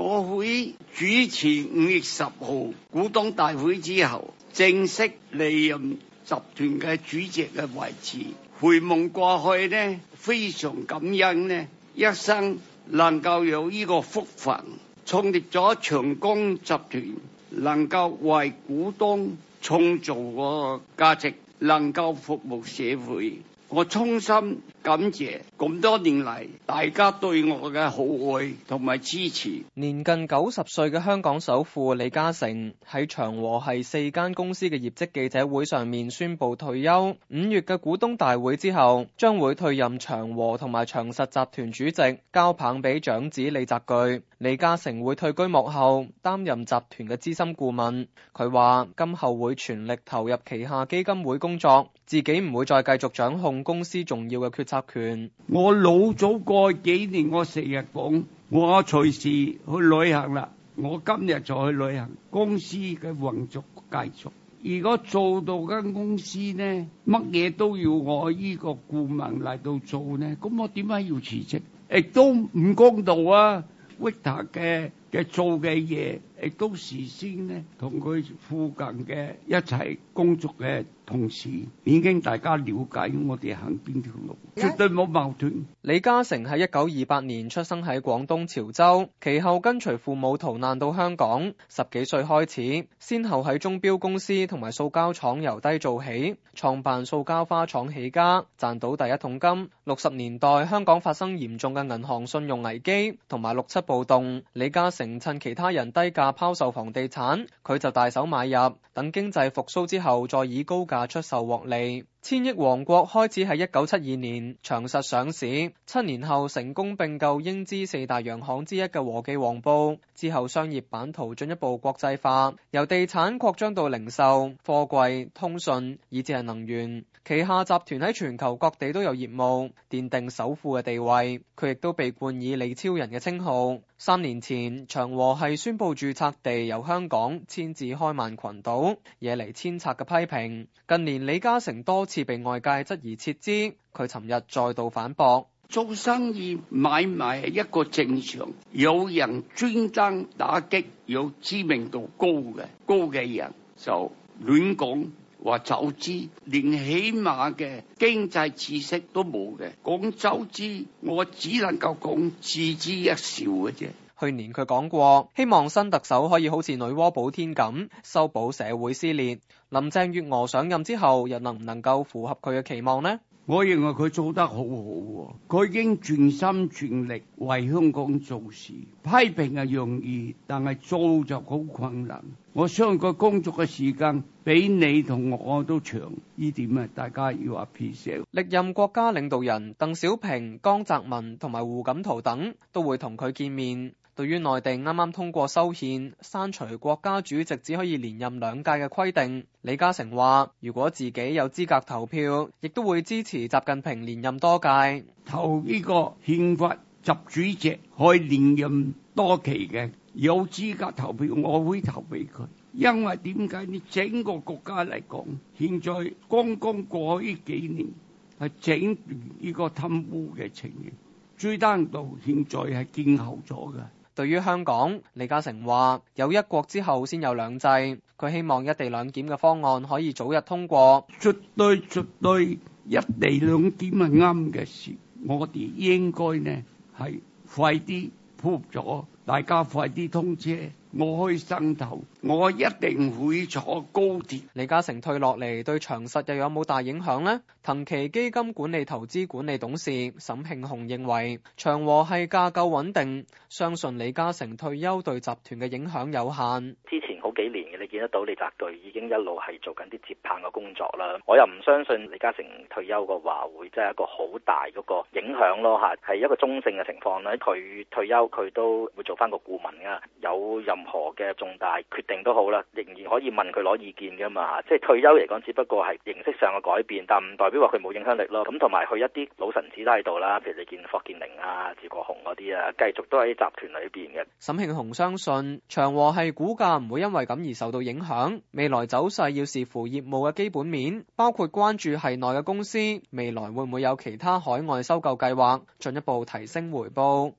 我會主持五月十號股東大會之後，正式離任集團嘅主席嘅位置。回望過去呢，非常感恩呢，一生能夠有呢個福份，創立咗長江集團，能夠為股東創造個價值，能夠服務社會，我衷心感謝。咁多年嚟，大家對我嘅好愛同埋支持。年近九十歲嘅香港首富李嘉誠喺長和系四間公司嘅業績記者會上面宣布退休。五月嘅股東大會之後將會退任長和同埋長實集團主席，交棒俾長子李澤钜。李嘉誠會退居幕後擔任集團嘅資深顧問，佢話今後會全力投入旗下基金會工作，自己唔會再繼續掌控公司重要嘅決策。插權！我老早過幾年，我成日講，我隨時去旅行啦。我今日就去旅行，公司嘅運作繼續。如果做到間公司呢，乜嘢都要我依個顧問嚟到做呢，咁我點解要辭職？亦都唔公道啊！Victor 嘅。嘅做嘅嘢，亦都事先呢同佢附近嘅一齊工作嘅同事，已經大家了解我哋行邊條路，絕對冇矛盾。李嘉誠喺一九二八年出生喺廣東潮州，其後跟隨父母逃難到香港，十幾歲開始，先後喺鐘錶公司同埋塑膠廠由低做起，創辦塑膠花廠起家，賺到第一桶金。六十年代香港發生嚴重嘅銀行信用危機同埋六七暴動，李嘉誠。乘趁其他人低價拋售房地產，佢就大手買入，等經濟復蘇之後再以高價出售獲利。千億王國開始喺一九七二年長實上市，七年後成功併購英資四大洋行之一嘅和記黃埔，之後商業版圖進一步國際化，由地產擴張到零售、貨櫃、通訊，以至係能源。旗下集團喺全球各地都有業務，奠定首富嘅地位。佢亦都被冠以李超人嘅稱號。三年前，長和系宣布註冊地由香港遷至開曼群島，惹嚟遷冊嘅批評。近年李嘉誠多次被外界質疑撤資，佢尋日再度反駁：做生意買賣，一個正常，有人專登打擊有知名度高嘅高嘅人就，就亂講話走資，連起碼嘅經濟知識都冇嘅。講走資，我只能夠講自之一笑嘅啫。去年佢講過，希望新特首可以好似女媧補天咁，修補社會撕裂。林鄭月娥上任之後，又能唔能夠符合佢嘅期望呢？我認為佢做得好好啊，佢已經全心全力為香港做事。批評係容易，但係做就好困難。我相信佢工作嘅時間比你同我都長，呢點啊，大家要話 peace。歷任國家領導人鄧小平、江澤民同埋胡錦濤等都會同佢見面。對於內地啱啱通過修憲刪除國家主席只可以連任兩屆嘅規定，李嘉誠話：如果自己有資格投票，亦都會支持習近平連任多屆。投呢個憲法習主席可以連任多期嘅，有資格投票我會投俾佢。因為點解你整個國家嚟講，現在剛剛過去呢幾年係整呢個貪污嘅情形，最低限度現在係見效咗嘅。對於香港，李嘉誠話：有一國之後先有兩制，佢希望一地兩檢嘅方案可以早日通過。絕對絕對，一地兩檢係啱嘅事，我哋應該呢係快啲鋪咗，大家快啲通車。我去汕頭，我一定會坐高鐵。李嘉誠退落嚟對長實又有冇大影響呢？騰期基金管理投資管理董事沈慶雄認為，長和係架構穩定，相信李嘉誠退休對集團嘅影響有限。好幾年嘅，你見得到李澤鉅已經一路係做緊啲接棒嘅工作啦。我又唔相信李嘉誠退休嘅話會真係一個好大嗰個影響咯吓，係一個中性嘅情況啦。佢退，退休佢都會做翻個顧問噶，有任何嘅重大決定都好啦，仍然可以問佢攞意見噶嘛。即係退休嚟講，只不過係形式上嘅改變，但唔代表話佢冇影響力咯。咁同埋佢一啲老臣子都喺度啦，譬如你見霍建寧啊、趙國雄嗰啲啊，繼續都喺集團裏邊嘅。沈慶雄相信長和係股價唔會因為係咁而受到影響，未來走勢要視乎業務嘅基本面，包括關注系內嘅公司未來會唔會有其他海外收購計劃，進一步提升回報。